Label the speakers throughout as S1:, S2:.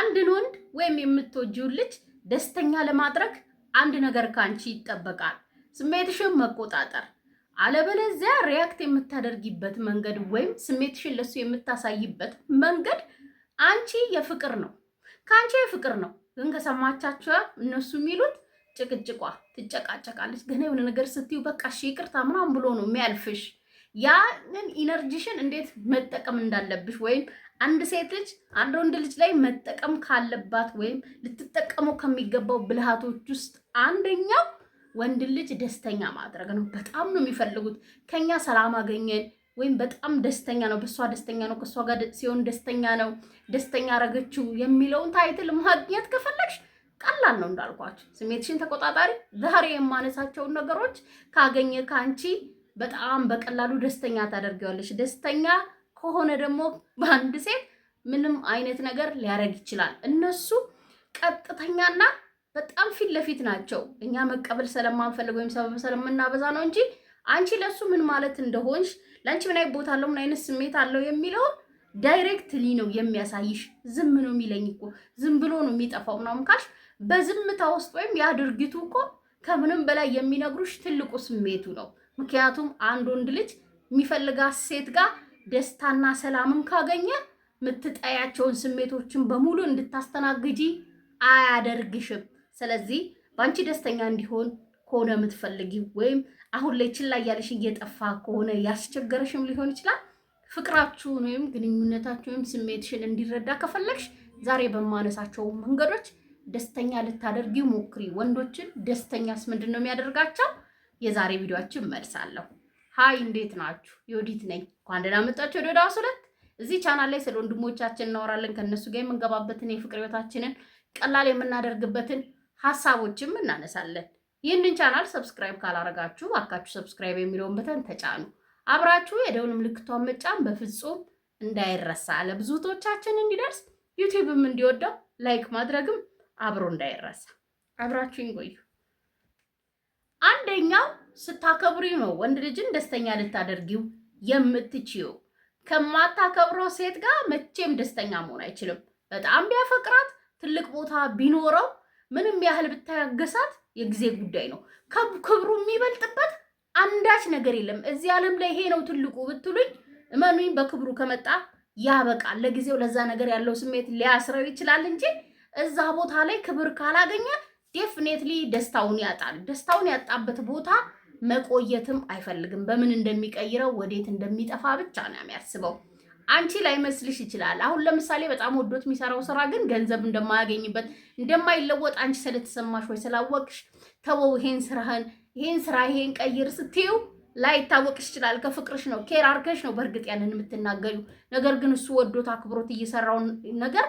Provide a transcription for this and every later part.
S1: አንድን ወንድ ወይም የምትወጂው ልጅ ደስተኛ ለማድረግ አንድ ነገር ካንቺ ይጠበቃል፣ ስሜትሽን መቆጣጠር። አለበለዚያ ሪያክት የምታደርጊበት መንገድ ወይም ስሜትሽን ለሱ የምታሳይበት መንገድ አንቺ የፍቅር ነው ከአንቺ የፍቅር ነው። ግን ከሰማቻቸው እነሱ የሚሉት ጭቅጭቋ ትጨቃጨቃለች። ገና የሆነ ነገር ስትዩ በቃ እሺ ይቅርታ ምናምን ብሎ ነው የሚያልፍሽ። ያንን ኢነርጂሽን እንዴት መጠቀም እንዳለብሽ ወይም አንድ ሴት ልጅ አንድ ወንድ ልጅ ላይ መጠቀም ካለባት ወይም ልትጠቀመው ከሚገባው ብልሃቶች ውስጥ አንደኛው ወንድ ልጅ ደስተኛ ማድረግ ነው። በጣም ነው የሚፈልጉት ከኛ ሰላም አገኘን ወይም በጣም ደስተኛ ነው፣ በእሷ ደስተኛ ነው፣ ከእሷ ጋር ሲሆን ደስተኛ ነው፣ ደስተኛ አረገችው የሚለውን ታይትል ማግኘት ከፈለግሽ ቀላል ነው። እንዳልኳችሁ ስሜትሽን ተቆጣጣሪ። ዛሬ የማነሳቸውን ነገሮች ካገኘ ከአንቺ በጣም በቀላሉ ደስተኛ ታደርገዋለች ደስተኛ ከሆነ ደግሞ በአንድ ሴት ምንም አይነት ነገር ሊያደርግ ይችላል። እነሱ ቀጥተኛና በጣም ፊት ለፊት ናቸው። እኛ መቀበል ስለማንፈልግ ወይም ሰበብ ስለምናበዛ ነው እንጂ አንቺ ለሱ ምን ማለት እንደሆንሽ፣ ለአንቺ ምን አይነት ቦታ አለው፣ ምን አይነት ስሜት አለው የሚለውን ዳይሬክትሊ ነው የሚያሳይሽ። ዝም ነው የሚለኝ እኮ ዝም ብሎ ነው የሚጠፋው ምናምን ካልሽ በዝምታ ውስጥ ወይም ያድርጊቱ እኮ ከምንም በላይ የሚነግሩሽ ትልቁ ስሜቱ ነው። ምክንያቱም አንድ ወንድ ልጅ የሚፈልጋት ሴት ጋር ደስታና ሰላምን ካገኘ የምትጠያቸውን ስሜቶችን በሙሉ እንድታስተናግጂ አያደርግሽም። ስለዚህ በአንቺ ደስተኛ እንዲሆን ከሆነ የምትፈልጊ ወይም አሁን ላይ ችላ እያለሽ እየጠፋ ከሆነ ያስቸገረሽም ሊሆን ይችላል። ፍቅራችሁን ወይም ግንኙነታችሁን ወይም ስሜትሽን እንዲረዳ ከፈለግሽ ዛሬ በማነሳቸው መንገዶች ደስተኛ ልታደርጊ ሞክሪ። ወንዶችን ደስተኛስ ምንድን ነው የሚያደርጋቸው? የዛሬ ቪዲዮችን መልሳለሁ። ሀይ፣ እንዴት ናችሁ? ዮዲት ነኝ። እንኳን ደህና መጣችሁ ወደ ዳስ ሁለት። እዚህ ቻናል ላይ ስለ ወንድሞቻችን እናወራለን። ከእነሱ ጋር የምንገባበትን የፍቅር ህይወታችንን ቀላል የምናደርግበትን ሀሳቦችም እናነሳለን። ይህንን ቻናል ሰብስክራይብ ካላረጋችሁ አካችሁ ሰብስክራይብ የሚለውን በተን ተጫኑ። አብራችሁ የደውል ምልክቷን መጫን በፍጹም እንዳይረሳ፣ ለብዙ እህቶቻችን እንዲደርስ ዩቲዩብም እንዲወደው ላይክ ማድረግም አብሮ እንዳይረሳ። አብራችሁ ቆዩ። አንደኛው ስታከብሪ ነው ወንድ ልጅን ደስተኛ ልታደርጊው የምትችው ከማታከብረው ሴት ጋር መቼም ደስተኛ መሆን አይችልም። በጣም ቢያፈቅራት ትልቅ ቦታ ቢኖረው ምንም ያህል ብታገሳት የጊዜ ጉዳይ ነው። ክብሩ የሚበልጥበት አንዳች ነገር የለም። እዚህ ዓለም ላይ ይሄ ነው ትልቁ ብትሉኝ እመኑኝ፣ በክብሩ ከመጣ ያበቃል። ለጊዜው ለዛ ነገር ያለው ስሜት ሊያስረው ይችላል እንጂ እዛ ቦታ ላይ ክብር ካላገኘ ዴፍኔትሊ ደስታውን ያጣል። ደስታውን ያጣበት ቦታ መቆየትም አይፈልግም። በምን እንደሚቀይረው ወዴት እንደሚጠፋ ብቻ ነው የሚያስበው። አንቺ ላይ መስልሽ ይችላል። አሁን ለምሳሌ በጣም ወዶት የሚሰራው ስራ ግን ገንዘብ እንደማያገኝበት እንደማይለወጥ አንቺ ስለተሰማሽ ወይ ስላወቅሽ ተወው፣ ይሄን ስራህን ይሄን ስራ ይሄን ቀይር ስትዩ ላይታወቅሽ ይችላል። ከፍቅርሽ ነው ኬር አድርገሽ ነው በእርግጥ ያንን የምትናገዩ። ነገር ግን እሱ ወዶት አክብሮት እየሰራውን ነገር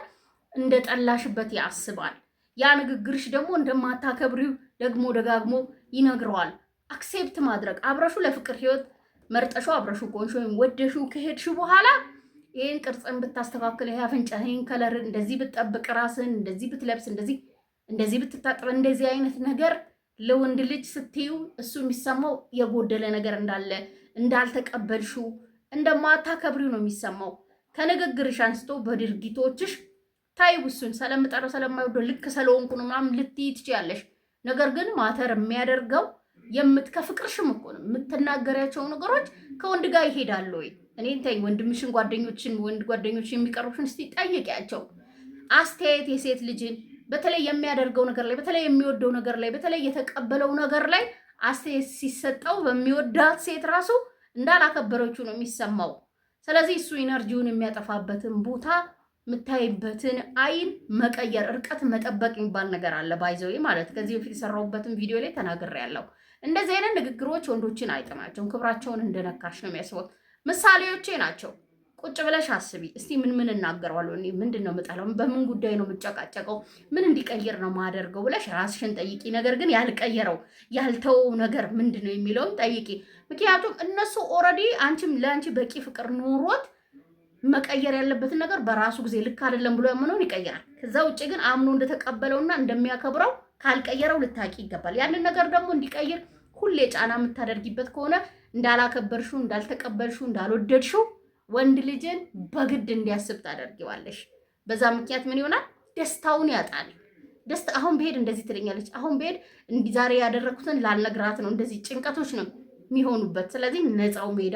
S1: እንደጠላሽበት ያስባል። ያ ንግግርሽ ደግሞ እንደማታከብሪው ደግሞ ደጋግሞ ይነግረዋል። አክሴፕት ማድረግ አብረሹ ለፍቅር ህይወት መርጠሹ አብረሹ ቆንሽ ወይም ወደሹ ከሄድሽ በኋላ ይህን ቅርጽን ብታስተካክል፣ ይሄ አፍንጫ፣ ይህን ከለር እንደዚህ ብትጠብቅ፣ ራስን እንደዚህ ብትለብስ፣ እንደዚህ እንደዚህ ብትታጥብ፣ እንደዚህ አይነት ነገር ለወንድ ልጅ ስትዩ እሱ የሚሰማው የጎደለ ነገር እንዳለ እንዳልተቀበልሹ እንደማታከብሪው ነው የሚሰማው። ከንግግርሽ አንስቶ በድርጊቶችሽ ታይው እሱን ስለምጠረው ስለማይወደው ልክ ስለሆንኩ ነው ምናምን ልትይ ትችያለሽ። ነገር ግን ማተር የሚያደርገው የምት ከፍቅርሽም እኮ ነው የምትናገሪያቸው ነገሮች ከወንድ ጋር ይሄዳሉ ወይ? እኔ እንተኝ ወንድምሽን፣ ጓደኞችን፣ ወንድ ጓደኞችን የሚቀርቡሽን እስቲ ጠይቂያቸው አስተያየት የሴት ልጅን በተለይ የሚያደርገው ነገር ላይ በተለይ የሚወደው ነገር ላይ በተለይ የተቀበለው ነገር ላይ አስተያየት ሲሰጠው በሚወዳት ሴት ራሱ እንዳላከበረችው ነው የሚሰማው። ስለዚህ እሱ ኢነርጂውን የሚያጠፋበትን ቦታ የምታይበትን አይን መቀየር፣ እርቀት መጠበቅ የሚባል ነገር አለ። ባይዘዌ ማለት ከዚህ በፊት የሰራሁበትን ቪዲዮ ላይ ተናግሬያለሁ። እንደዚህ አይነት ንግግሮች ወንዶችን አይጥማቸውም። ክብራቸውን እንደነካሽ ነው የሚያስበው። ምሳሌዎቼ ናቸው። ቁጭ ብለሽ አስቢ እስቲ ምን ምን እናገረዋለሁ? እኔ ምንድን ነው የምጠላው? በምን ጉዳይ ነው የምጨቃጨቀው? ምን እንዲቀይር ነው ማደርገው ብለሽ ራስሽን ጠይቂ። ነገር ግን ያልቀየረው ያልተው ነገር ምንድን ነው የሚለውን ጠይቂ። ምክንያቱም እነሱ ኦልሬዲ አንቺም ለአንቺ በቂ ፍቅር ኖሮት መቀየር ያለበትን ነገር በራሱ ጊዜ ልክ አይደለም ብሎ ያምነውን ይቀይራል። ከዛ ውጭ ግን አምኖ እንደተቀበለውና እንደሚያከብረው ካልቀየረው ልታቂ ይገባል። ያንን ነገር ደግሞ እንዲቀይር ሁሌ ጫና የምታደርጊበት ከሆነ እንዳላከበርሹ እንዳልተቀበልሹ፣ እንዳልወደድሽው ወንድ ልጅን በግድ እንዲያስብ ታደርጊዋለሽ። በዛ ምክንያት ምን ይሆናል? ደስታውን ያጣል። ደስታ አሁን ብሄድ እንደዚህ ትለኛለች፣ አሁን ብሄድ ዛሬ ያደረግኩትን ላልነግራት ነው። እንደዚህ ጭንቀቶች ነው የሚሆኑበት። ስለዚህ ነፃው ሜዳ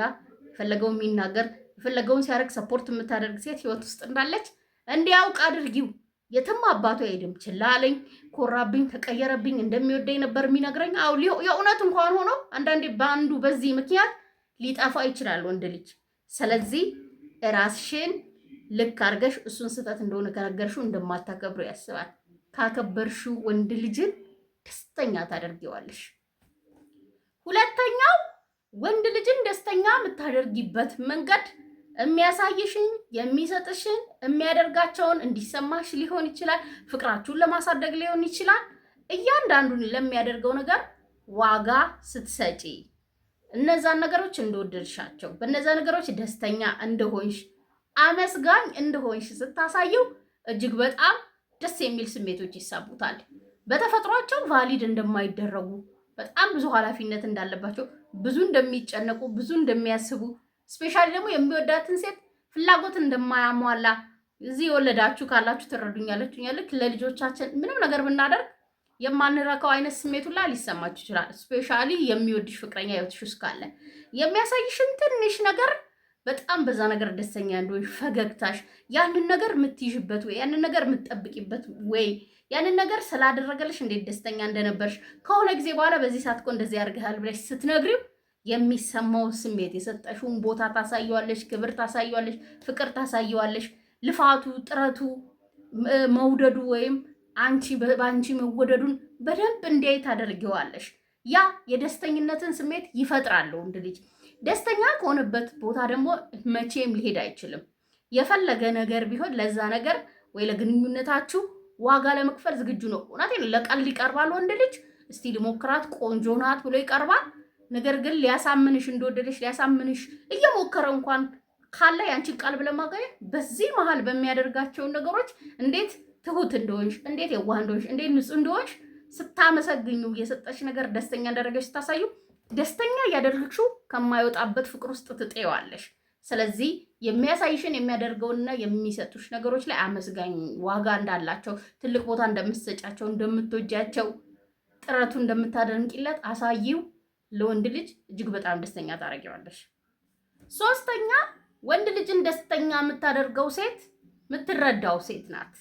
S1: የፈለገው የሚናገር የፈለገውን ሲያደርግ ሰፖርት የምታደርግ ሴት ህይወት ውስጥ እንዳለች እንዲያውቅ አድርጊው። የትም አባቱ አይሄድም። ችላ አለኝ፣ ኮራብኝ፣ ተቀየረብኝ። እንደሚወደኝ ነበር የሚነግረኝ። አዎ የእውነት እንኳን ሆኖ አንዳንዴ በአንዱ በዚህ ምክንያት ሊጠፋ ይችላል ወንድ ልጅ። ስለዚህ ራስሽን ልክ አድርገሽ እሱን ስህተት እንደሆነ ከነገርሽው እንደማታከብሩ ያስባል። ካከበርሽው ወንድ ልጅን ደስተኛ ታደርጊዋለሽ። ሁለተኛው ወንድ ልጅን ደስተኛ የምታደርጊበት መንገድ የሚያሳይሽን የሚሰጥሽን የሚያደርጋቸውን እንዲሰማሽ ሊሆን ይችላል። ፍቅራችሁን ለማሳደግ ሊሆን ይችላል። እያንዳንዱን ለሚያደርገው ነገር ዋጋ ስትሰጪ እነዛን ነገሮች እንደወደድሻቸው፣ በእነዛ ነገሮች ደስተኛ እንደሆንሽ፣ አመስጋኝ እንደሆንሽ ስታሳየው እጅግ በጣም ደስ የሚል ስሜቶች ይሳቡታል። በተፈጥሯቸው ቫሊድ እንደማይደረጉ፣ በጣም ብዙ ኃላፊነት እንዳለባቸው፣ ብዙ እንደሚጨነቁ፣ ብዙ እንደሚያስቡ ስፔሻል ደግሞ የሚወዳትን ሴት ፍላጎት እንደማያሟላ እዚህ የወለዳችሁ ካላችሁ ትረዱኛለች። ልክ ለልጆቻችን ምንም ነገር ብናደርግ የማንረከው አይነት ስሜቱ ላይ ሊሰማችሁ ይችላል። ስፔሻሊ የሚወድሽ ፍቅረኛ ህይወትሽ ውስጥ ካለ የሚያሳይሽን ትንሽ ነገር በጣም በዛ ነገር ደስተኛ እንደሆንሽ ፈገግታሽ፣ ያንን ነገር የምትይዥበት ወይ ያንን ነገር የምትጠብቂበት ወይ ያንን ነገር ስላደረገልሽ እንዴት ደስተኛ እንደነበርሽ ከሆነ ጊዜ በኋላ በዚህ ሰዓት እኮ እንደዚህ ያደርግሃል ብለሽ ስትነግሪው የሚሰማው ስሜት የሰጠሽውን ቦታ ታሳየዋለሽ፣ ክብር ታሳየዋለሽ፣ ፍቅር ታሳየዋለሽ። ልፋቱ፣ ጥረቱ፣ መውደዱ ወይም አንቺ በአንቺ መወደዱን በደንብ እንዲያይ ታደርጊዋለሽ። ያ የደስተኝነትን ስሜት ይፈጥራል። ወንድ ልጅ ደስተኛ ከሆነበት ቦታ ደግሞ መቼም ሊሄድ አይችልም። የፈለገ ነገር ቢሆን ለዛ ነገር ወይ ለግንኙነታችሁ ዋጋ ለመክፈል ዝግጁ ነው። እውነቴን ለቀልድ ይቀርባል ወንድ ልጅ። እስቲ ልሞክራት ቆንጆ ናት ብሎ ይቀርባል። ነገር ግን ሊያሳምንሽ እንደወደደሽ ሊያሳምንሽ እየሞከረ እንኳን ካለ ያንቺን ቃል ብለማገኘ በዚህ መሀል በሚያደርጋቸው ነገሮች እንዴት ትሁት እንደሆንሽ፣ እንዴት የዋህ እንደሆንሽ፣ እንዴት ንጹህ እንደሆንሽ ስታመሰግኙ የሰጠሽ ነገር ደስተኛ እንዳደረገሽ ስታሳዩ ደስተኛ እያደረግሽው ከማይወጣበት ፍቅር ውስጥ ትጤዋለሽ። ስለዚህ የሚያሳይሽን የሚያደርገውንና የሚሰጡሽ ነገሮች ላይ አመስጋኝ፣ ዋጋ እንዳላቸው፣ ትልቅ ቦታ እንደምትሰጫቸው፣ እንደምትወጃቸው፣ ጥረቱ እንደምታደንቂለት አሳይው። ለወንድ ልጅ እጅግ በጣም ደስተኛ ታደርጊዋለሽ። ሶስተኛ ወንድ ልጅን ደስተኛ የምታደርገው ሴት የምትረዳው ሴት ናት።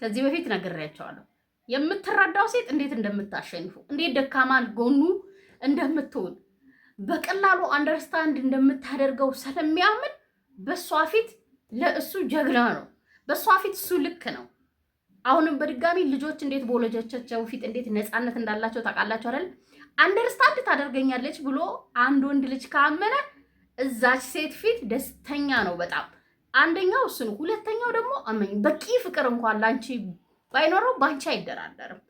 S1: ከዚህ በፊት ነግሬያቸዋለሁ። የምትረዳው ሴት እንዴት እንደምታሸንፉ፣ እንዴት ደካማ ጎኑ እንደምትሆን በቀላሉ አንደርስታንድ እንደምታደርገው ስለሚያምን በእሷ ፊት ለእሱ ጀግና ነው። በእሷ ፊት እሱ ልክ ነው። አሁንም በድጋሚ ልጆች እንዴት በወላጆቻቸው ፊት እንዴት ነፃነት እንዳላቸው ታውቃላቸው አይደል? አንደርስታንድ ታደርገኛለች ብሎ አንድ ወንድ ልጅ ካመነ እዛች ሴት ፊት ደስተኛ ነው በጣም አንደኛው እሱ ነው። ሁለተኛው ደግሞ አመኝ በቂ ፍቅር እንኳን ላንቺ ባይኖረው ባንቺ አይደራደርም።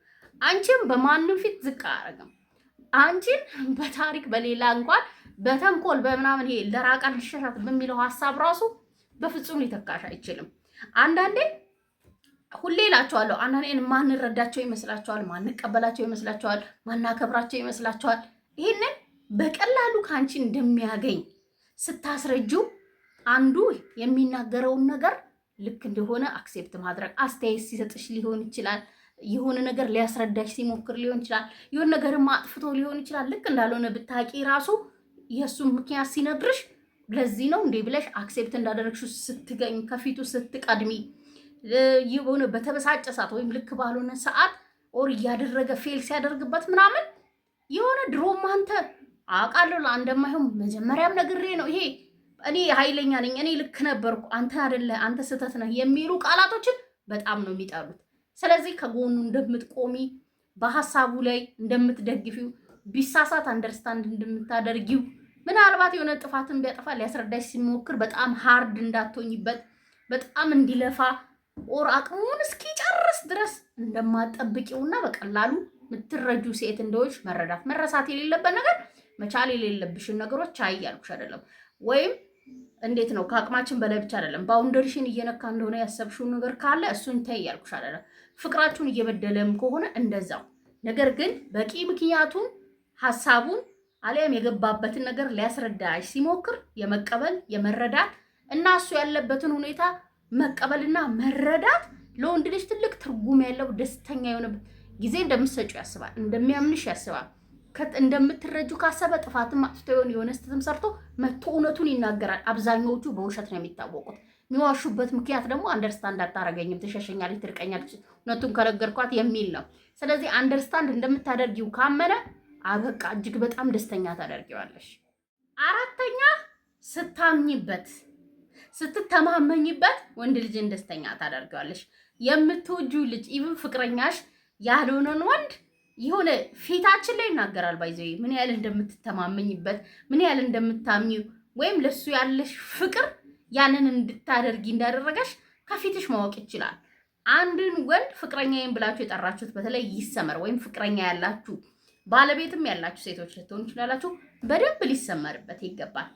S1: አንቺን በማንም ፊት ዝቅ አያደርግም። አንቺን በታሪክ በሌላ እንኳን በተንኮል በምናምን ይሄ ለራቀን ሸሻት በሚለው ሀሳብ ራሱ በፍጹም ሊተካሽ አይችልም። አንዳንዴ ሁሌ እላቸዋለሁ። አንዳንዴን ማንረዳቸው ይመስላቸዋል፣ ማንቀበላቸው ይመስላቸዋል፣ ማናከብራቸው ይመስላቸዋል። ይህንን በቀላሉ ከአንቺ እንደሚያገኝ ስታስረጁ አንዱ የሚናገረውን ነገር ልክ እንደሆነ አክሴፕት ማድረግ አስተያየት ሲሰጥሽ ሊሆን ይችላል። የሆነ ነገር ሊያስረዳሽ ሲሞክር ሊሆን ይችላል። የሆነ ነገር አጥፍቶ ሊሆን ይችላል። ልክ እንዳልሆነ ብታቂ ራሱ የእሱን ምክንያት ሲነግርሽ ለዚህ ነው እንዴ ብለሽ አክሴፕት እንዳደረግሽ ስትገኝ ከፊቱ ስትቀድሚ የሆነ በተበሳጨ ሰዓት ወይም ልክ ባልሆነ ሰዓት ኦር እያደረገ ፌል ሲያደርግበት ምናምን የሆነ ድሮም አንተ አውቃለሁ እንደማይሆን መጀመሪያም ነግሬ ነው ይሄ እኔ ኃይለኛ ነኝ እኔ ልክ ነበርኩ አንተ አደለ አንተ ስህተት ነህ የሚሉ ቃላቶችን በጣም ነው የሚጠሉት። ስለዚህ ከጎኑ እንደምትቆሚ በሀሳቡ ላይ እንደምትደግፊው ቢሳሳት አንደርስታንድ እንደምታደርጊው ምናልባት የሆነ ጥፋትን ቢያጠፋ ሊያስረዳሽ ሲሞክር በጣም ሀርድ እንዳትሆኝበት በጣም እንዲለፋ ኦር አቅሙን እስኪጨርስ ድረስ እንደማጠብቂውና በቀላሉ የምትረጁ ሴት እንደሆንሽ መረዳት መረሳት የሌለበት ነገር መቻል የሌለብሽን ነገሮች አያልኩሽ አይደለም ወይም እንዴት ነው ከአቅማችን በላይ ብቻ አይደለም። ባውንደሪሽን እየነካ እንደሆነ ያሰብሽውን ነገር ካለ እሱን ተይ ያልኩሽ አይደለም። ፍቅራችሁን እየበደለም ከሆነ እንደዛው። ነገር ግን በቂ ምክንያቱን ሀሳቡን አሊያም የገባበትን ነገር ሊያስረዳሽ ሲሞክር የመቀበል የመረዳት እና እሱ ያለበትን ሁኔታ መቀበልና መረዳት ለወንድ ልጅ ትልቅ ትርጉም ያለው ደስተኛ የሆነበት ጊዜ እንደምትሰጩ ያስባል፣ እንደሚያምንሽ ያስባል። እንደምትረጁ ካሰበ ጥፋትም አጥፍቶ የሆነ የሆነ ስተትም ሰርቶ መቶ እውነቱን ይናገራል። አብዛኛዎቹ በውሸት ነው የሚታወቁት። የሚዋሹበት ምክንያት ደግሞ አንደርስታንድ አታረገኝም፣ ትሸሸኛለች፣ ትርቀኛለች፣ እውነቱን ከነገርኳት የሚል ነው። ስለዚህ አንደርስታንድ እንደምታደርጊው ካመነ አበቃ፣ እጅግ በጣም ደስተኛ ታደርጊዋለሽ። አራተኛ ስታምኝበት ስትተማመኝበት ወንድ ልጅን ደስተኛ ታደርገዋለሽ። የምትወጁ ልጅ ኢቭን ፍቅረኛሽ ያልሆነን ወንድ የሆነ ፊታችን ላይ ይናገራል። ባይዘ ምን ያህል እንደምትተማመኝበት ምን ያህል እንደምታምኚው ወይም ለሱ ያለሽ ፍቅር ያንን እንድታደርጊ እንዳደረገሽ ከፊትሽ ማወቅ ይችላል። አንድን ወንድ ፍቅረኛዬን ብላችሁ የጠራችሁት በተለይ ይሰመር ወይም ፍቅረኛ ያላችሁ ባለቤትም ያላችሁ ሴቶች ልትሆኑ ይችላላችሁ። በደንብ ሊሰመርበት ይገባል።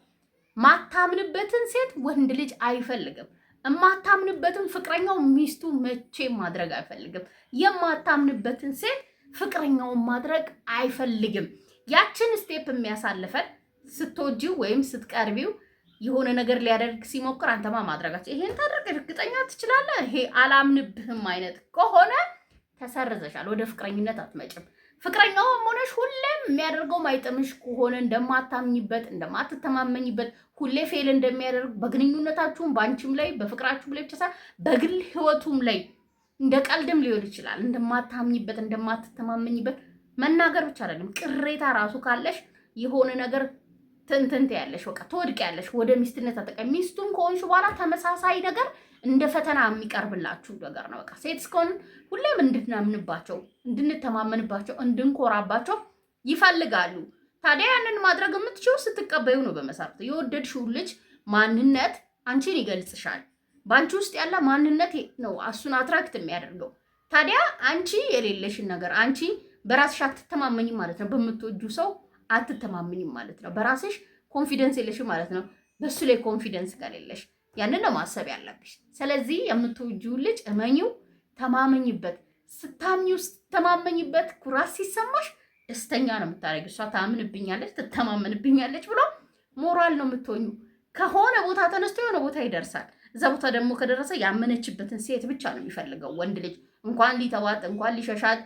S1: ማታምንበትን ሴት ወንድ ልጅ አይፈልግም። የማታምንበትን ፍቅረኛው ሚስቱ መቼ ማድረግ አይፈልግም። የማታምንበትን ሴት ፍቅረኛውን ማድረግ አይፈልግም። ያችን ስቴፕ የሚያሳልፈን ስትወጂው ወይም ስትቀርቢው የሆነ ነገር ሊያደርግ ሲሞክር አንተማ ማድረጋቸው ይሄን ታደርግ እርግጠኛ ትችላለህ፣ ይሄ አላምንብህም አይነት ከሆነ ተሰርዘሻል። ወደ ፍቅረኝነት አትመጭም። ፍቅረኛውም ሆነሽ ሁሌም የሚያደርገው ማይጥምሽ ከሆነ እንደማታምኝበት፣ እንደማትተማመኝበት ሁሌ ፌል እንደሚያደርግ በግንኙነታችሁም በአንቺም ላይ በፍቅራችሁም ላይ ብቻ ሳይሆን በግል ህይወቱም ላይ እንደ ቀልድም ሊሆን ይችላል። እንደማታምኝበት፣ እንደማትተማመኝበት መናገር ብቻ አይደለም ቅሬታ ራሱ ካለሽ የሆነ ነገር ትንትንት ያለሽ በቃ ትወድቅ ያለሽ ወደ ሚስትነት አጠቃ ሚስቱም ከሆንሽ በኋላ ተመሳሳይ ነገር እንደ ፈተና የሚቀርብላችሁ ነገር ነው። በቃ ሴት እስከሆን ሁሌም እንድናምንባቸው፣ እንድንተማመንባቸው፣ እንድንኮራባቸው ይፈልጋሉ። ታዲያ ያንን ማድረግ የምትችው ስትቀበዩ ነው። በመሰረቱ የወደድሽው ልጅ ማንነት አንቺን ይገልጽሻል። በአንቺ ውስጥ ያለ ማንነት ነው እሱን አትራክት የሚያደርገው። ታዲያ አንቺ የሌለሽን ነገር አንቺ በራስሽ አትተማመኝም ማለት ነው። በምትወጁ ሰው አትተማመኝም ማለት ነው። በራስሽ ኮንፊደንስ የለሽም ማለት ነው። በሱ ላይ ኮንፊደንስ ከሌለሽ ያንን ነው ማሰብ ያለብሽ። ስለዚህ የምትወጂው ልጅ እመኚው፣ ተማመኝበት። ስታምኚው፣ ስትተማመኝበት ኩራት ሲሰማሽ ደስተኛ ነው የምታደርጊው። እሷ ታምንብኛለች፣ ትተማመንብኛለች ብሎ ሞራል ነው የምትሆኙ። ከሆነ ቦታ ተነስቶ የሆነ ቦታ ይደርሳል። እዛ ቦታ ደግሞ ከደረሰ ያመነችበትን ሴት ብቻ ነው የሚፈልገው ወንድ ልጅ። እንኳን ሊተዋት፣ እንኳን ሊሸሻት፣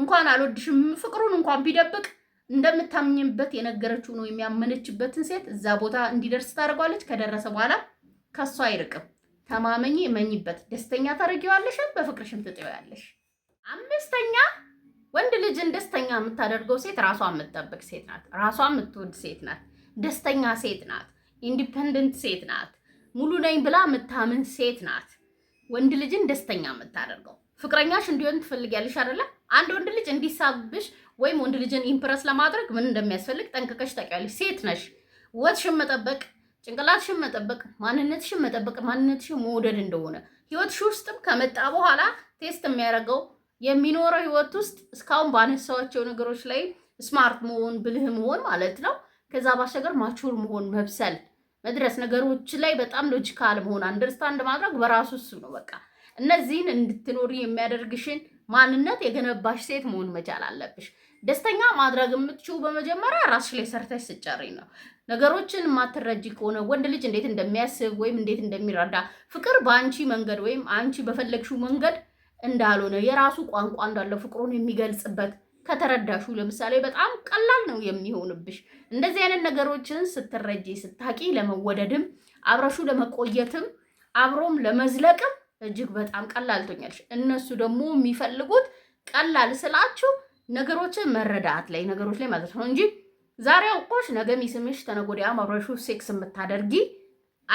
S1: እንኳን አልወድሽም ፍቅሩን እንኳን ቢደብቅ እንደምታምኝበት የነገረችው ነው የሚያመነችበትን ሴት እዛ ቦታ እንዲደርስ ታደርጓለች። ከደረሰ በኋላ ከሱ አይርቅም። ተማመኝ፣ እመኝበት። ደስተኛ ታደርጊዋለሽም በፍቅርሽም ትጥያለሽ። አምስተኛ ወንድ ልጅን ደስተኛ የምታደርገው ሴት ራሷ የምትጠብቅ ሴት ናት። ራሷ የምትወድ ሴት ናት። ደስተኛ ሴት ናት። ኢንዲፐንደንት ሴት ናት። ሙሉ ነኝ ብላ የምታምን ሴት ናት። ወንድ ልጅን ደስተኛ የምታደርገው ፍቅረኛሽ እንዲሆን ትፈልጊያለሽ አይደለ? አንድ ወንድ ልጅ እንዲሳብሽ ወይም ወንድ ልጅን ኢምፕረስ ለማድረግ ምን እንደሚያስፈልግ ጠንቅቀሽ ታውቂያለሽ። ሴት ነሽ። ወትሽን መጠበቅ ጭንቅላትሽን መጠበቅ፣ ማንነትሽን መጠበቅ፣ ማንነትሽን መውደድ እንደሆነ ህይወትሽ ውስጥም ከመጣ በኋላ ቴስት የሚያደርገው የሚኖረው ህይወት ውስጥ እስካሁን ባነሳዋቸው ነገሮች ላይ ስማርት መሆን ብልህ መሆን ማለት ነው። ከዛ ባሻገር ማቹር መሆን መብሰል፣ መድረስ፣ ነገሮች ላይ በጣም ሎጂካል መሆን፣ አንደርስታንድ ማድረግ በራሱ እሱ ነው በቃ እነዚህን እንድትኖሪ የሚያደርግሽን ማንነት የገነባሽ ሴት መሆን መቻል አለብሽ። ደስተኛ ማድረግ የምትችው በመጀመሪያ ራስሽ ላይ ሰርተሽ ስጨሪ ነው። ነገሮችን የማትረጂ ከሆነ ወንድ ልጅ እንዴት እንደሚያስብ ወይም እንዴት እንደሚረዳ ፍቅር በአንቺ መንገድ ወይም አንቺ በፈለግሽው መንገድ እንዳልሆነ የራሱ ቋንቋ እንዳለው ፍቅሩን የሚገልጽበት ከተረዳሹ ለምሳሌ በጣም ቀላል ነው የሚሆንብሽ። እንደዚህ አይነት ነገሮችን ስትረጂ ስታቂ ለመወደድም አብረሹ ለመቆየትም አብሮም ለመዝለቅም እጅግ በጣም ቀላል ትሆኛለሽ። እነሱ ደግሞ የሚፈልጉት ቀላል ስላችሁ ነገሮችን መረዳት ላይ ነገሮች ላይ ማለት ነው እንጂ ዛሬ አውቆሽ ነገ ሚስምሽ ተነጎዲያ ወዲያ ሴክስ የምታደርጊ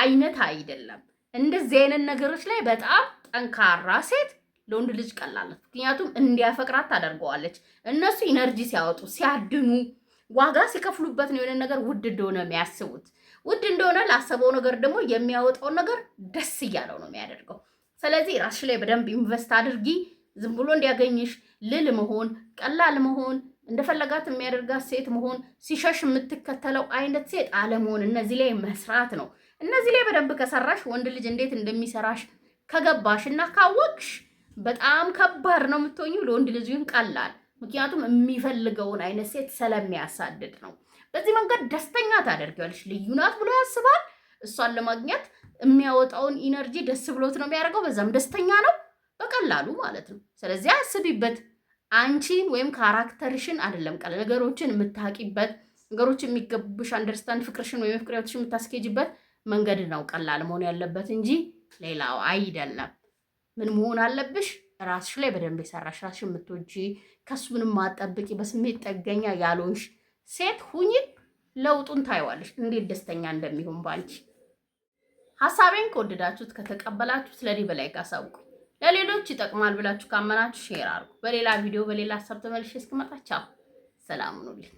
S1: አይነት አይደለም። እንደዚህ አይነት ነገሮች ላይ በጣም ጠንካራ ሴት ለወንድ ልጅ ቀላለች። ምክንያቱም እንዲያፈቅራት ታደርገዋለች። እነሱ ኢነርጂ ሲያወጡ ሲያድኑ ዋጋ ሲከፍሉበት ነው የሆነ ነገር ውድ እንደሆነ የሚያስቡት። ውድ እንደሆነ ላሰበው ነገር ደግሞ የሚያወጣውን ነገር ደስ እያለው ነው የሚያደርገው። ስለዚህ ራስሽ ላይ በደንብ ኢንቨስት አድርጊ። ዝም ብሎ እንዲያገኝሽ ልል መሆን ቀላል መሆን እንደፈለጋት የሚያደርጋት ሴት መሆን፣ ሲሸሽ የምትከተለው አይነት ሴት አለመሆን፣ እነዚህ ላይ መስራት ነው። እነዚህ ላይ በደንብ ከሰራሽ ወንድ ልጅ እንዴት እንደሚሰራሽ ከገባሽ እና ካወቅሽ በጣም ከባድ ነው የምትሆኚው። ለወንድ ልጅ ግን ቀላል፣ ምክንያቱም የሚፈልገውን አይነት ሴት ስለሚያሳድድ ነው። በዚህ መንገድ ደስተኛ ታደርጊዋለሽ። ልዩ ናት ብሎ ያስባል። እሷን ለማግኘት የሚያወጣውን ኢነርጂ ደስ ብሎት ነው የሚያደርገው። በዛም ደስተኛ ነው በቀላሉ ማለት ነው። ስለዚህ አስቢበት። አንቺ ወይም ካራክተርሽን አይደለም ቃል ነገሮችን የምታቂበት ነገሮች የሚገቡብሽ አንደርስታንድ ፍቅርሽን ወይም ፍቅሬዎችሽን የምታስኬጅበት መንገድ ነው ቀላል መሆን ያለበት እንጂ ሌላው አይደለም። ምን መሆን አለብሽ? ራስሽ ላይ በደንብ የሰራሽ ራስሽን የምትወጂ ከሱ ምንም ማጠብቂ በስሜት ጠገኛ ያልሆንሽ ሴት ሁኝ። ለውጡን ታይዋለሽ፣ እንዴት ደስተኛ እንደሚሆን ባንቺ። ሀሳቤን ከወደዳችሁት ከተቀበላችሁት፣ ለኔ በላይ አሳውቁ። ለሌሎች ይጠቅማል ብላችሁ ካመናችሁ ሼር አድርጉ። በሌላ ቪዲዮ በሌላ ሀሳብ ተመልሼ እስክመጣ ቻው፣ ሰላም ሁኑልኝ።